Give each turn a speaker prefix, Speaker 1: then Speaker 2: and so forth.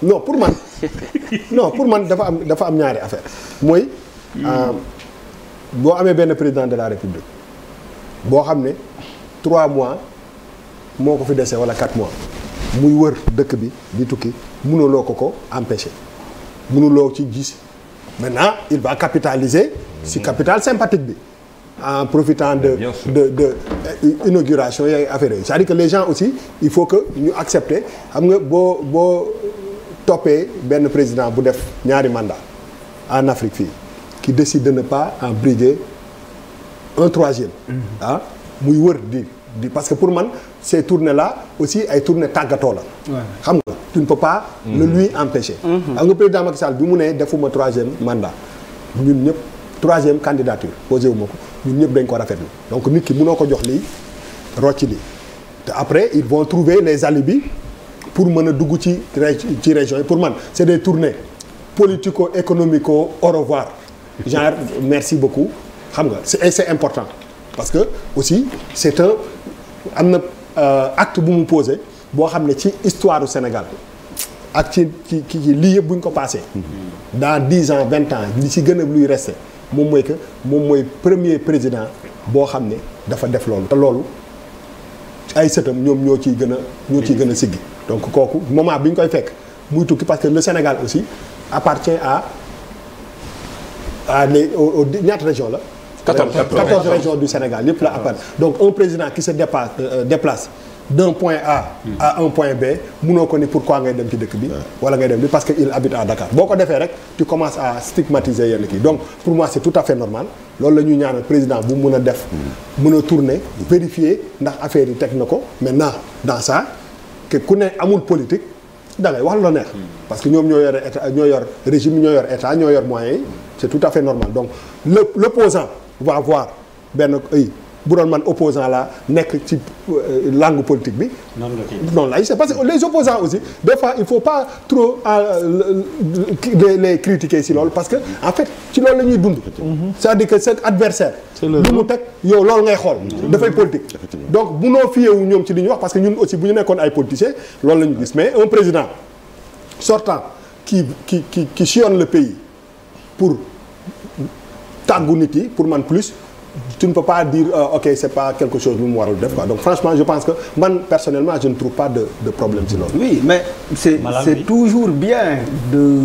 Speaker 1: non pour man non pour man dafa am dafa am ñaari affaire mooy hmm. euh, boo amee benn président de la république boo xam ne trois mois moo ko fi dese wala quatre mois muy wër dëkk bi di tukki mënuloo ko ko empêcher mënuloo ci gis maintenant il va capitaliser si hmm. capital sympathique bi en profitant de de de euh, inauguration yooyu affaire yooyu c'est-à-dire que aussi il faut que ñu accepter xam nga boo boo toppee benn président bu def ñaari mandat en Afrique fii qui décide de ne pas en briguer un troisième mm-hmm. ah muy wër di di parce que pour man ces tournées là aussi ay tournées tàggatoo la xam nga tu ne peux pas le mm-hmm. lui empêcher mm-hmm. xam nga président Macky bi mu nee defuma troisième mandat ñun ñëpp troisième candidature posé wu ma ko ñun ñëpp dañ ko rafetlu donc nit ki mu mënoo ko jox lii rocc lii te après ils vont trouver les alibis pour mën a dugg ci ci région yi pour man c'est des tournées politico économico au revoir genre merci beaucoup xam nga c'est c'est important parce que aussi c'est un am na euh, acte bu mu posé boo xam ne ci histoire Sénégal ak ci ci ci lii yëpp buñ ko passé dans dix ans vingt ans li ci gën a luy resté moom mooy que moom mooy premier président boo xam ne dafa def loolu te loolu ay sëtam ñoom ñoo ciy gën a ñoo ciy gën a siggi donc kooku moment bi ñu koy fekk muy tukki parce que le Sénégal aussi appartient à à les au ñaata région la 14 régions du Sénégal yëpp la appartient donc un président qui se dépasse euh, d'un point A à un point B munoo ko ni pourquoi ngay dem ci dëkk bi wala ngay dem bi parce que il habite à Dakar boo ko defee rek tu commences à stigmatiser yenn kii donc pour moi c'est tout à fait normal loolu la ñuy ñaanal président bu mun a def mun a tourner vérifier ndax affaire yi teg na ko maintenant dans ça ke ku ne amul politique da ngay wax lu parce que ñoom ñoo yor état ñoo yor régime ñoo yor état ñoo yor moyens yi c'est tout à fait normal donc le l'opposant va voir benn bu doon man opposant la nekk ci euh, langue politique bi. noonu la noonu parce que les opposants aussi des fois il faut pas trop euh, les les critiquer si loolu parce que en fait ci loolu la ñuy dund. c'est-à-dire que cet adversaire lu mu teg yow loolu ngay xool. dafay politique donc bu noo fiyewu ñoom ci li ñu wax parce que ñun aussi bu ñu nekkoon ay politiciens loolu la ñu gis mais un président sortant qui qui qui qui sillonne le pays pour tàggu nit yi pour man plus. tu ne peux pas dire euh, ok c'est pas quelque chose lu mu warul def quoi donc franchement je pense que man personnellement je ne trouve pas de de problème si loolu. oui mais c'est c'est toujours bien de.